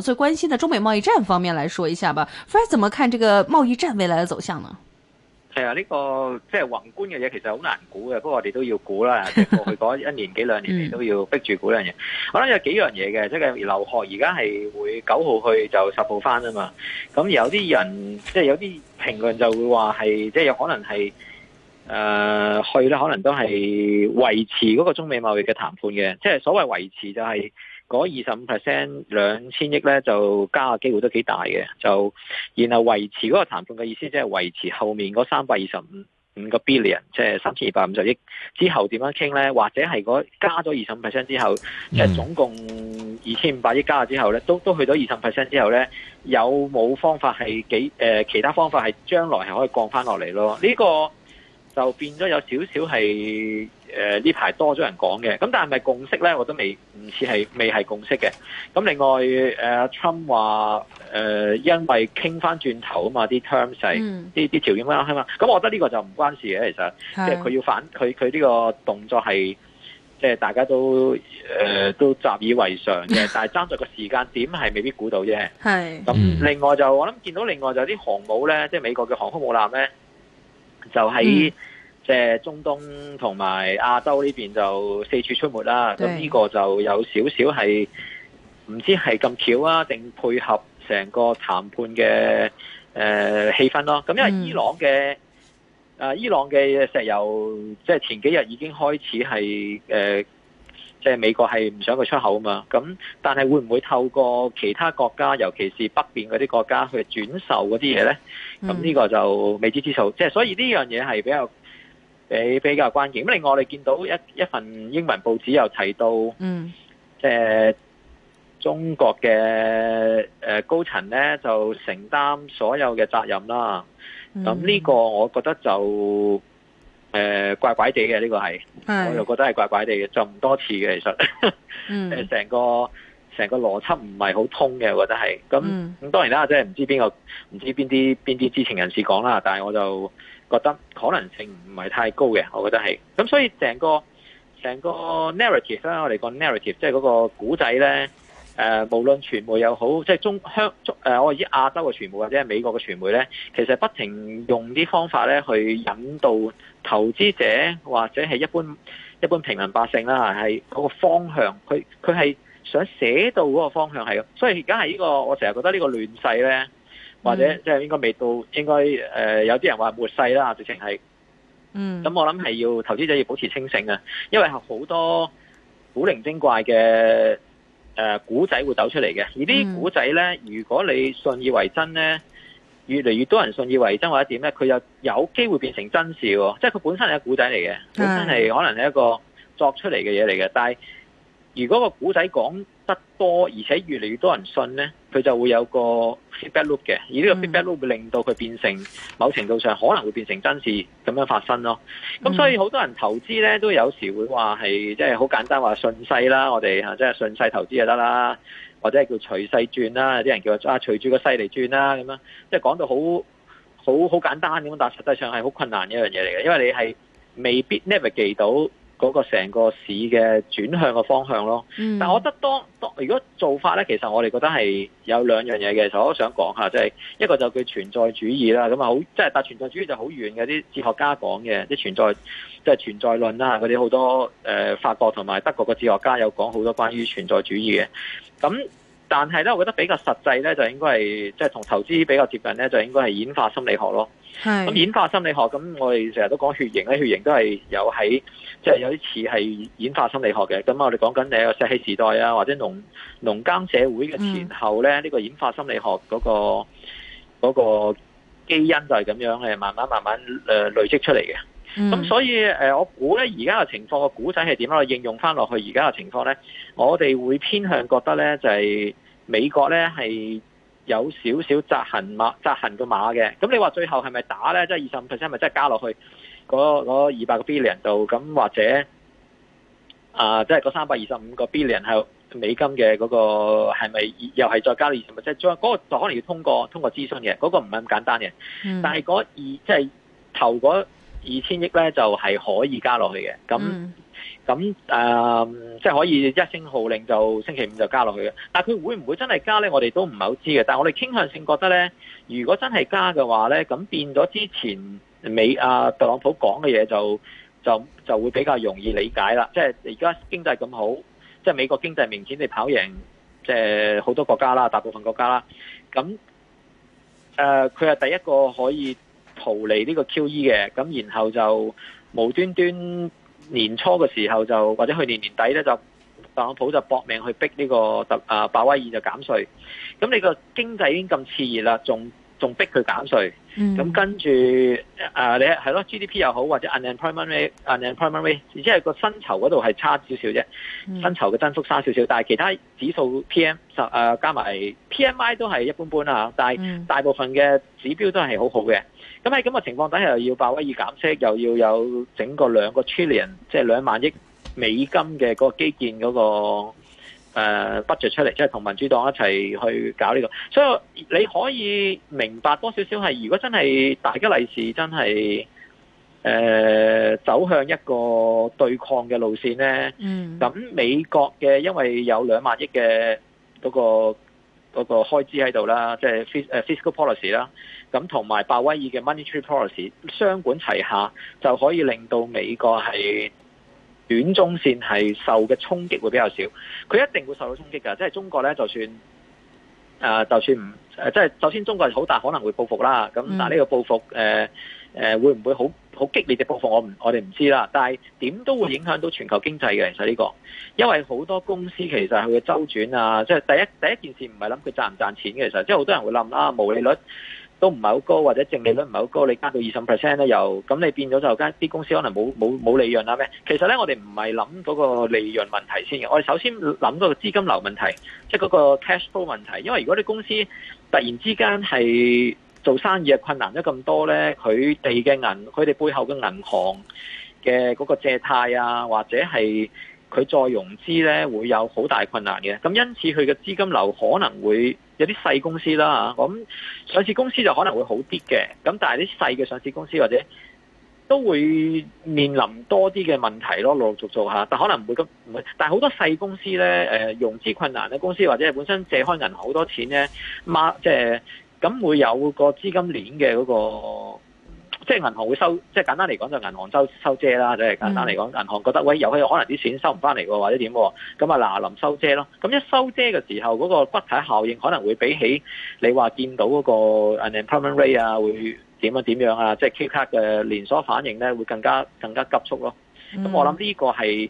最關心嘅中美貿易戰方面來說一下吧，Frank，怎麼看這個貿易戰未來的走向呢？係啊，呢個即係宏觀嘅嘢，其實好難估嘅。不過我哋都要估啦，即過去嗰一年幾兩年，你都要逼住估呢樣嘢。我諗有幾樣嘢嘅，即係劉鶴而家係會九號去就十號翻啊嘛。咁有啲人即係有啲評論就會話係，即係有可能係誒、呃、去咧，可能都係維持嗰個中美貿易嘅談判嘅。即係所謂維持就係、是。嗰二十五 percent 兩千億咧，就加嘅機會都幾大嘅，就然後維持嗰個談判嘅意思，即係維持後面嗰三百二十五五個 billion，即係三千二百五十億之後點樣傾咧？或者係加咗二十五 percent 之後，即係總共二千五百億加咗之後咧，都都去到二十五 percent 之後咧，有冇方法係幾誒、呃、其他方法係將來係可以降翻落嚟咯。呢個就變咗有少少係誒呢排多咗人講嘅，咁但係咪共識咧？我都未唔似係未係共識嘅。咁另外誒阿春話誒，因為傾翻轉頭啊嘛，啲 terms 啲啲條件啦係嘛，咁我覺得呢個就唔關事嘅，其實是即係佢要反佢佢呢個動作係即係大家都誒、呃、都習以為常嘅， 但係爭在個時間點係未必估到啫。係咁是，另外就、嗯、我諗見到另外就啲航母咧，即係美國嘅航空母艦咧。就喺即係中東同埋亞洲呢邊就四處出沒啦、嗯，咁呢個就有少少係唔知係咁巧啊，定配合成個談判嘅誒氣氛咯。咁因為伊朗嘅誒、呃、伊朗嘅石油，即、就、係、是、前幾日已經開始係誒。呃即係美國係唔想佢出口啊嘛，咁但係會唔會透過其他國家，尤其是北邊嗰啲國家去轉售嗰啲嘢呢？咁呢、嗯、個就未知之數。即、就、係、是、所以呢樣嘢係比較比比較關鍵。咁另外我哋見到一一份英文報紙又提到，即係、嗯、中國嘅誒高層呢就承擔所有嘅責任啦。咁呢、嗯、個我覺得就。誒、呃，怪怪哋嘅呢個係，是我就覺得係怪怪哋嘅，就唔多次嘅其實，誒成、嗯、個成個邏輯唔係好通嘅，我覺得係。咁咁、嗯、當然啦，即係唔知邊個，唔知邊啲邊啲知情人士講啦，但係我就覺得可能性唔係太高嘅，我覺得係。咁所以成個成個 narrative 咧，我哋個 narrative 即係嗰個古仔咧。誒，無論傳媒又好，即係中香誒我以亞洲嘅傳媒或者係美國嘅傳媒咧，其實不停用啲方法咧去引導投資者或者係一般一般平民百姓啦，係嗰個方向，佢佢係想寫到嗰個方向係。所以而家係呢個，我成日覺得呢個亂世咧，或者即係應該未到，應該誒有啲人話末世啦，直情係。嗯。咁我諗係要投資者要保持清醒啊，因為係好多古靈精怪嘅。誒、古仔、呃、會走出嚟嘅，而呢啲古仔咧，如果你信以為真咧，越嚟越多人信以為真或者點咧，佢又有機會變成真事喎，即係佢本身係一個古仔嚟嘅，是的本身係可能係一個作出嚟嘅嘢嚟嘅，但係。如果個古仔講得多，而且越嚟越多人信咧，佢就會有個 feedback loop 嘅。而呢個 feedback loop 會令到佢變成、嗯、某程度上可能會變成真事咁樣發生咯。咁所以好多人投資咧都有時會話係，即係好簡單話順勢啦，我哋吓即係順勢投資就得啦，或者係叫隨勢轉啦，有啲人叫啊隨住個勢嚟轉啦咁樣。即係講到好好好簡單咁，但實際上係好困難一樣嘢嚟嘅，因為你係未必 never 記到。嗰個成個市嘅轉向個方向咯，嗯、但我覺得當如果做法咧，其實我哋覺得係有兩樣嘢嘅，就我都想講下，即係一個就叫存在主義啦，咁啊好，即係但存在主義就好遠嘅，啲哲學家講嘅啲存在，即係存在論啦，佢哋好多、呃、法國同埋德國嘅哲學家有講好多關於存在主義嘅，咁。但係咧，我覺得比較實際咧，就應該係即係同投資比較接近咧，就應該係演化心理學咯。咁是演化心理學咁，我哋成日都講血型咧，血型都係有喺即係有啲似係演化心理學嘅。咁我哋講緊你個石器時代啊，或者農農耕社會嘅前後咧，呢、嗯、個演化心理學嗰、嗰個嗰、嗰個、基因就係咁樣嘅，慢慢慢慢誒累積出嚟嘅。咁、嗯、所以我估咧而家嘅情況個故仔係點樣去應用翻落去而家嘅情況咧。我哋會偏向覺得咧，就係美國咧係有少少扎痕馬扎痕嘅馬嘅。咁你話最後係咪打咧？即係二十五 percent，咪即係加落去嗰嗰二百個 billion 度？咁或者啊，即係嗰三百二十五個 billion 係美金嘅嗰個係咪又係再加二十 p 即係將嗰個就可能要通過通過諮詢嘅，嗰個唔係咁簡單嘅。嗯、但係嗰二即係投嗰二千億咧，就係可以加落去嘅。咁咁誒，即係、嗯就是、可以一聲號令就星期五就加落去嘅。但係佢會唔會真係加呢？我哋都唔係好知嘅。但係我哋傾向性覺得呢，如果真係加嘅話呢，咁變咗之前美阿、啊、特朗普講嘅嘢就就就會比較容易理解啦。即係而家經濟咁好，即、就、係、是、美國經濟明顯地跑贏，即係好多國家啦，大部分國家啦。咁誒，佢、呃、係第一個可以逃離呢個 QE 嘅。咁然後就無端端。年初嘅時候就或者去年年底咧就特朗普就搏命去逼呢、這個特啊鮑威爾就減稅，咁你個經濟已經咁熾熱啦，仲仲逼佢減稅，咁、嗯、跟住啊你係咯 GDP 又好或者 unemployment rate unemployment rate，即係個薪酬嗰度係差少少啫，嗯、薪酬嘅增幅差少少，但係其他指數 PM 十、啊、加埋 PMI 都係一般般啦，但係大部分嘅指標都係好好嘅。咁喺咁嘅情況底下，等下又要鮑威爾減息，又要有整個兩個 trillion，即係兩萬億美金嘅個基建嗰個 budget 出嚟，即係同民主黨一齊去搞呢、這個。所以你可以明白多少少係，如果真係大吉利是真係、呃、走向一個對抗嘅路線呢。咁、嗯、美國嘅因為有兩萬億嘅嗰、那個。嗰個開支喺度啦，即係 fiscal policy 啦，咁同埋鮑威爾嘅 monetary policy，雙管齊下就可以令到美國係短中線係受嘅衝擊會比較少，佢一定會受到衝擊㗎，即係中國咧就算誒就算唔誒，即係首先中國係好大可能會報復啦，咁但呢個報復誒誒、呃呃、會唔會好？好激烈嘅播放，我唔我哋唔知啦，但係點都會影響到全球經濟嘅。其實呢、這個，因為好多公司其實佢嘅周轉啊，即、就、係、是、第一第一件事唔係諗佢賺唔賺錢嘅，其實即係好多人會諗啦、啊，毛利率都唔係好高，或者淨利率唔係好高，你加到二十 percent 咧又咁，啊、由你變咗就間啲公司可能冇冇冇利潤啦咩？其實咧，我哋唔係諗嗰個利潤問題先嘅，我哋首先諗嗰個資金流問題，即係嗰個 cash flow 問題，因為如果啲公司突然之間係。做生意嘅困難得咁多呢，佢哋嘅銀，佢哋背後嘅銀行嘅嗰個借貸啊，或者係佢再融資呢，會有好大困難嘅。咁因此佢嘅資金流可能會有啲細公司啦。咁上市公司就可能會好啲嘅。咁但係啲細嘅上市公司或者都會面臨多啲嘅問題咯，陸陸續續下但可能唔會咁唔會。但係好多細公司呢、呃，融資困難咧，公司或者係本身借開銀行好多錢呢，即係。就是咁會有個資金鏈嘅嗰、那個，即係銀行會收，即係簡單嚟講就銀行收收遮啦，即係、嗯、簡單嚟講，銀行覺得喂，有機會可能啲錢收唔返嚟喎，或者點喎，咁啊嗱臨收遮囉。咁一收遮嘅時候，嗰、那個骨體效應可能會比起你話見到嗰個 unemployment rate 啊，嗯、會點樣點樣呀、啊？即係 K 卡嘅連鎖反應呢會更加更加急速囉。咁、嗯、我諗呢個係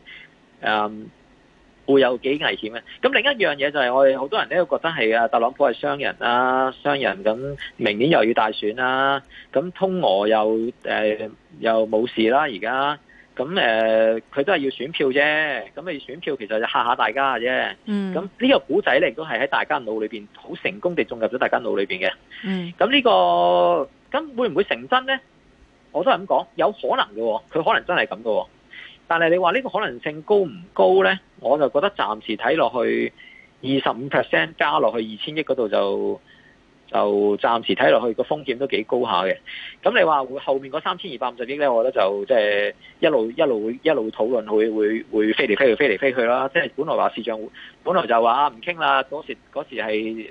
會有幾危險嘅，咁另一樣嘢就係我哋好多人都，覺得係啊，特朗普係商人啦、啊、商人咁，明年又要大選啦，咁通俄又誒、呃、又冇事啦，而家咁誒，佢都係要選票啫，咁要選票其實就吓吓大家嘅啫，咁呢個古仔咧，亦都係喺大家腦裏邊好成功地種入咗大家腦裏邊嘅，咁呢個咁會唔會成真咧？我都係咁講，有可能嘅，佢可能真係咁嘅。但係你話呢個可能性高唔高呢？我就覺得暫時睇落去二十五 percent 加落去二千億嗰度就就暫時睇落去個風險都幾高下嘅。咁你話後面嗰三千二百五十億呢，我覺得就即係一路一路會一路討論，會會會飛嚟飛去，飛嚟飛去啦。即係本來話市長會，本來就話唔傾啦。嗰時嗰時係誒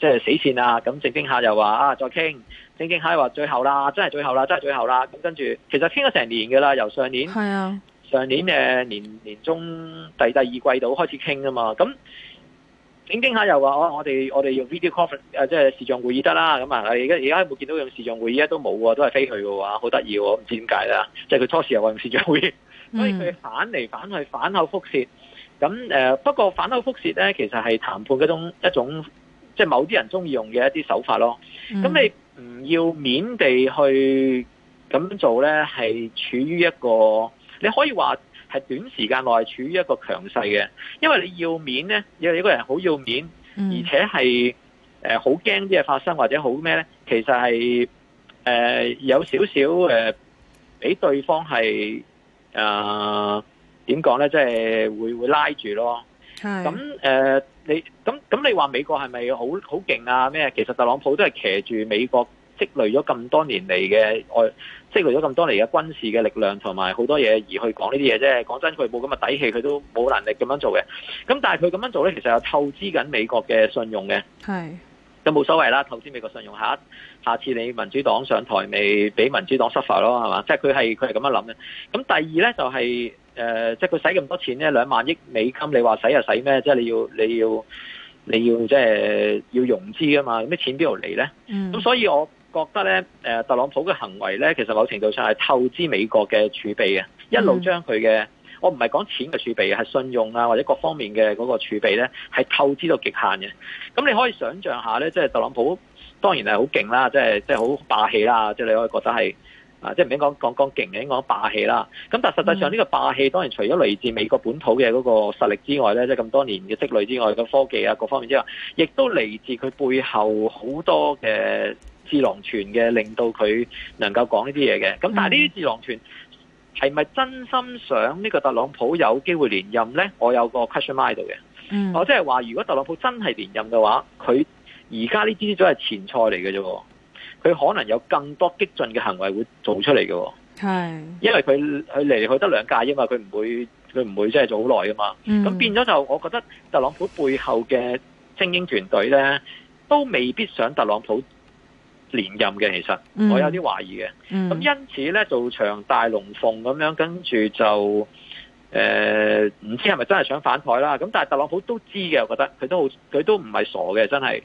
即係死線啦。咁正經下又話啊再傾，正經下又話最後啦，真係最後啦，真係最後啦。咁跟住其實傾咗成年嘅啦，由上年係啊。上年年年中第第二季度開始傾啊嘛，咁傾傾下又話、啊、我我哋我哋用 video conference 即、啊、係、就是、視像會議得啦。咁啊，而家而家有冇見到用視像會議啊？都冇喎，都係飛去嘅話，好得意喎，唔知點解啦。即係佢初時又話用視像會議，就是會議嗯、所以佢反嚟反去，反口覆舌咁誒。不過反口覆舌咧，其實係談判嗰種一種，即係、就是、某啲人中意用嘅一啲手法咯。咁你唔要免地去咁做咧，係處於一個。你可以話係短時間內處於一個強勢嘅，因為你要面咧，因為一個人好要面，嗯、而且係誒好驚啲嘢發生或者好咩咧，其實係誒、呃、有少少誒俾對方係誒點講咧，即、呃、係、就是、會會拉住咯。咁誒係、呃，你咁咁你話美國係咪好好勁啊？咩？其實特朗普都係騎住美國。積累咗咁多年嚟嘅外，積累咗咁多年嘅軍事嘅力量同埋好多嘢，而去講呢啲嘢啫。講真，佢冇咁嘅底氣，佢都冇能力咁樣做嘅。咁但係佢咁樣做咧，其實又透支緊美國嘅信用嘅。係是，咁冇所謂啦，透支美國信用，下下次你民主黨上台未俾民主黨失 u f f e 咯，係嘛？即係佢係佢係咁樣諗嘅。咁第二咧就係、是、誒，即係佢使咁多錢咧，兩萬億美金，你話使又使咩？即、就、係、是、你要你要你要即係要、就是、要融資啊嘛？咁啲錢邊度嚟咧？咁、嗯、所以我。覺得咧，誒特朗普嘅行為咧，其實某程度上係透支美國嘅儲備嘅，嗯、一路將佢嘅，我唔係講錢嘅儲備嘅，係信用啊或者各方面嘅嗰個儲備咧，係透支到極限嘅。咁你可以想象下咧，即係特朗普當然係好勁啦，即係即係好霸氣啦，即係你可以覺得係，啊即係唔應講講講勁，應該講霸氣啦。咁但係實際上呢個霸氣，當然除咗來自美國本土嘅嗰個實力之外咧，即係咁多年嘅積累之外嘅科技啊各方面之外，亦都嚟自佢背後好多嘅。智囊團嘅令到佢能夠講呢啲嘢嘅，咁但係呢啲智囊團係咪真心想呢個特朗普有機會連任呢？我有個 question mark 喺度嘅，我即係話如果特朗普真係連任嘅話，佢而家呢啲都係前菜嚟嘅啫，佢可能有更多激進嘅行為會做出嚟嘅，係是因為佢佢嚟嚟去得兩屆因為，佢唔會佢唔會即係做好耐噶嘛，咁變咗就我覺得特朗普背後嘅精英團隊呢，都未必想特朗普。連任嘅其實，我有啲懷疑嘅。咁、嗯嗯、因此咧，做場大龍鳳咁樣，跟住就誒，呃、唔知係咪真係想反台啦？咁但係特朗普都知嘅，我覺得佢都好，佢都唔係傻嘅，真係。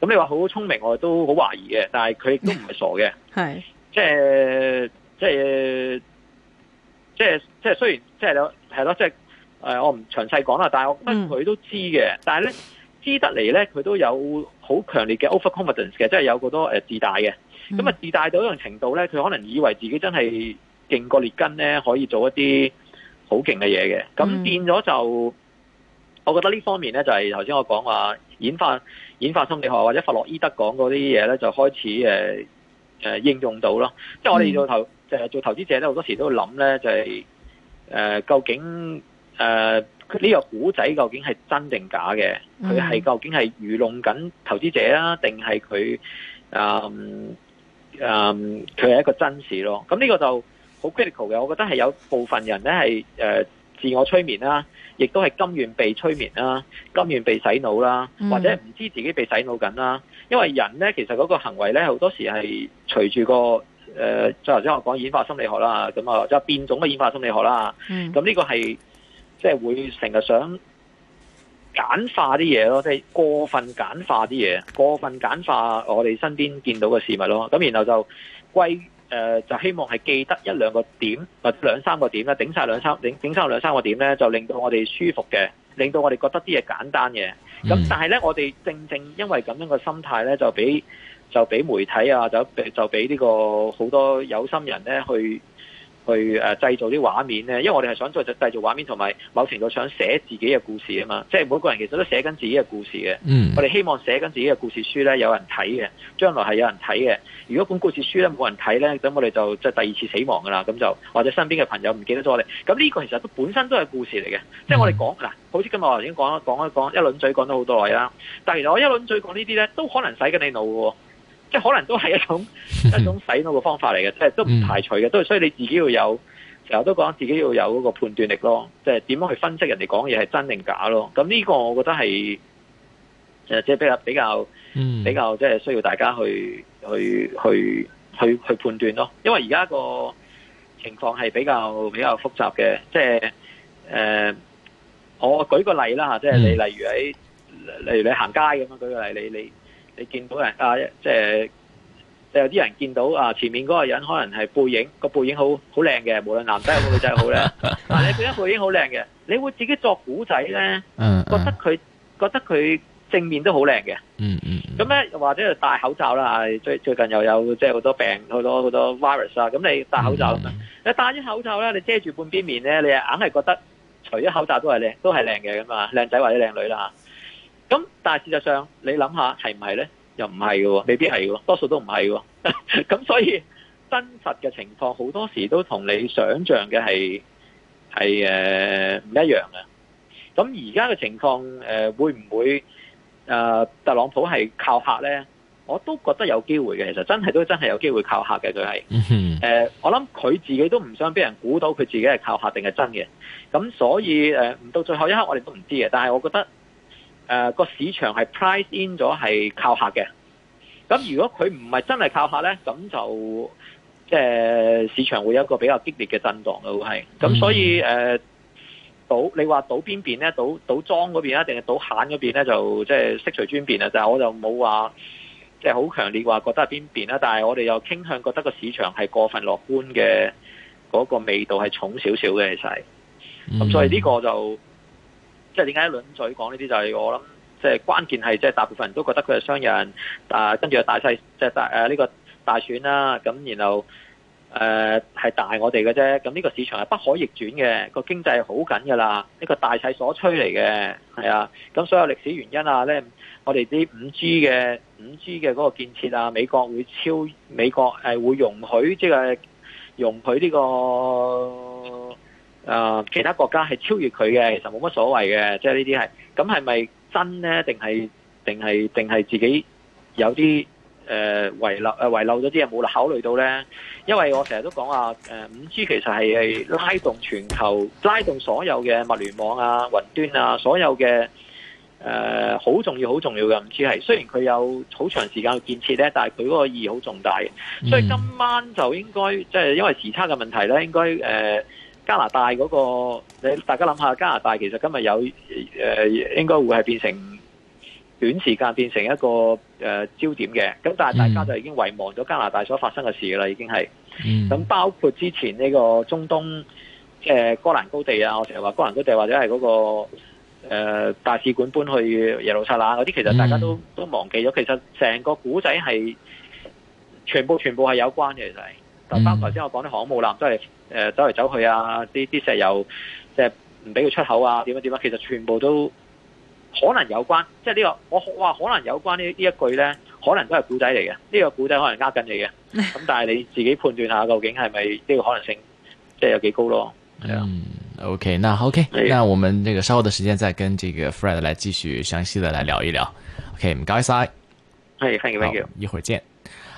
咁你話好聰明，我都好懷疑嘅。但係佢亦都唔係傻嘅，係是即係即係即係即係雖然即係係咯，即係誒，我唔詳細講啦。但係我覺得佢都知嘅。嗯、但係咧。知得嚟咧，佢都有好強烈嘅 overconfidence 嘅，即係有好多誒自大嘅。咁啊，自大到一定程度咧，佢可能以為自己真係勁過列根咧，可以做一啲好勁嘅嘢嘅。咁變咗就，我覺得呢方面咧，就係頭先我講話演化演化心理學或者弗洛伊德講嗰啲嘢咧，就開始誒誒應用到咯。即係、嗯、我哋做投誒做投資者咧，好多時都會諗咧，就係誒究竟誒。呃佢呢個古仔究竟係真定假嘅？佢係究竟係愚弄緊投資者啦，定係佢誒誒佢係一個真事咯？咁呢個就好 critical 嘅。我覺得係有部分人咧係誒自我催眠啦，亦都係甘願被催眠啦，甘願被洗腦啦，或者唔知自己被洗腦緊啦。嗯、因為人咧其實嗰個行為咧好多時係隨住個誒，即係頭先我講演化心理學啦，咁啊即係變種嘅演化心理學啦。咁呢、嗯、個係。即係會成日想簡化啲嘢咯，即係過分簡化啲嘢，過分簡化我哋身邊見到嘅事物咯。咁然後就歸誒、呃，就希望係記得一兩個點或者兩三個點啦，頂晒兩三頂頂晒兩三個點咧，就令到我哋舒服嘅，令到我哋覺得啲嘢簡單嘅。咁但係咧，我哋正正因為咁樣嘅心態咧，就俾就俾媒體啊，就俾就俾呢個好多有心人咧去。去誒製造啲畫面咧，因為我哋係想再製造畫面，同埋某程度想寫自己嘅故事啊嘛。即係每個人其實都寫緊自己嘅故事嘅。Mm. 我哋希望寫緊自己嘅故事書咧，有人睇嘅，將來係有人睇嘅。如果本故事書咧冇人睇咧，咁我哋就即係第二次死亡噶啦。咁就或者身邊嘅朋友唔記得咗我哋。咁呢個其實都本身都係故事嚟嘅。Mm. 即係我哋講嗱，好似今日我頭先講一講一講一輪嘴講咗好多耐啦。但係其實我一輪嘴講呢啲咧，都可能使緊你腦喎。即係可能都係一種 一種洗腦嘅方法嚟嘅，即係都唔排除嘅，都係所以你自己要有，成日都講自己要有嗰個判斷力咯，即係點樣去分析人哋講嘢係真定假咯。咁呢個我覺得係誒，即係比較比較，比較，比較即係需要大家去去去去去判斷咯。因為而家個情況係比較比較複雜嘅，即係誒、呃，我舉個例啦吓，即係你例如喺例如你行街咁樣舉個例，你你。你見到人啊，即係有啲人見到啊，前面嗰個人可能係背影，個背影好好靚嘅，無論男仔定女仔好咧。 但係你見到背影好靚嘅，你會自己作古仔咧，覺得佢覺得佢正面都好靚嘅。嗯嗯。 咁咧，又或者又戴口罩啦，最最近又有即係好多病，好多好多 virus 啊。咁你戴口罩咁 你戴咗口罩咧，你遮住半邊面咧，你係硬係覺得除咗口罩都係靚，都係靚嘅咁啊，靚仔或者靚女啦。咁但係事實上，你諗下係唔係咧？又唔係嘅喎，未必係嘅喎，多數都唔係嘅喎。咁 所以真實嘅情況好多時都同你想像嘅係係誒唔一樣嘅。咁而家嘅情況誒、呃、會唔會誒、呃、特朗普係靠嚇咧？我都覺得有機會嘅，其實真係都真係有機會靠嚇嘅佢係。誒我諗佢自己都唔想俾人估到佢自己係靠嚇定係真嘅。咁所以誒，唔、呃、到最後一刻我哋都唔知嘅。但係我覺得。誒，個、啊、市場係 price in 咗，係靠客嘅。咁如果佢唔係真係靠客咧？咁就即係、呃、市場會有一個比較激烈嘅震蕩咯，係。咁所以誒、賭、呃、你話賭邊邊咧，賭賭莊嗰邊啊，定係賭閒嗰邊咧，就即係適隨轉變啊。但係我就冇話即係好強烈話覺得係邊邊啦。但係我哋又傾向覺得個市場係過分樂觀嘅嗰、那個味道係重少少嘅，其實。咁所以呢個就。即係點解一輪嘴講呢啲就係我諗，即係關鍵係即係大部分人都覺得佢係商人啊，跟住大勢，即、就、係、是、大誒呢、啊這個大選啦、啊，咁然後誒係、啊、大我哋嘅啫，咁呢個市場係不可逆轉嘅，個經濟係好緊㗎啦，呢、這個大勢所趨嚟嘅，係啊，咁所有歷史原因啊咧，我哋啲五 G 嘅五 G 嘅嗰個建設啊，美國會超美國會容許即係、就是、容許呢、這個。誒，其他國家係超越佢嘅，其實冇乜所謂嘅，即係呢啲係。咁係咪真咧？定係定係定係自己有啲誒遺漏誒遺漏咗啲嘢冇考慮到咧？因為我成日都講話，誒五 G 其實係係拉動全球，拉動所有嘅物聯網啊、雲端啊、所有嘅誒好重要、好重要嘅。五 G 係雖然佢有好長時間嘅建設咧，但係佢嗰個意義好重大嘅。所以今晚就應該即係因為時差嘅問題咧，應該誒。加拿大嗰、那個，你大家諗下，加拿大其實今日有誒、呃、應該會係變成短時間變成一個誒、呃、焦點嘅。咁但係大家就已經遺忘咗加拿大所發生嘅事啦，已經係。咁、嗯、包括之前呢個中東誒、呃、戈蘭高地啊，我成日話戈蘭高地或者係嗰、那個誒、呃、大使館搬去耶路撒冷嗰啲，其實大家都、嗯、都忘記咗。其實成個古仔係全部全部係有關嘅，其實係。就包括之前我講啲航空母艦都係誒走嚟、呃、走，走去啊，啲啲石油即係唔俾佢出口啊，點樣點樣，其實全部都可能有關，即係呢、這個我話可能有關呢呢一句咧，可能都係古仔嚟嘅，呢、這個古仔可能呃緊你嘅，咁、嗯、但係你自己判斷下究竟係咪呢個可能性即係有幾高咯。 嗯，OK，那 OK，那我們呢個稍後嘅時間再跟這個 Fred 嚟繼續詳細的來聊一聊。的 OK，唔該晒，係好，thank you，thank you，一會兒見。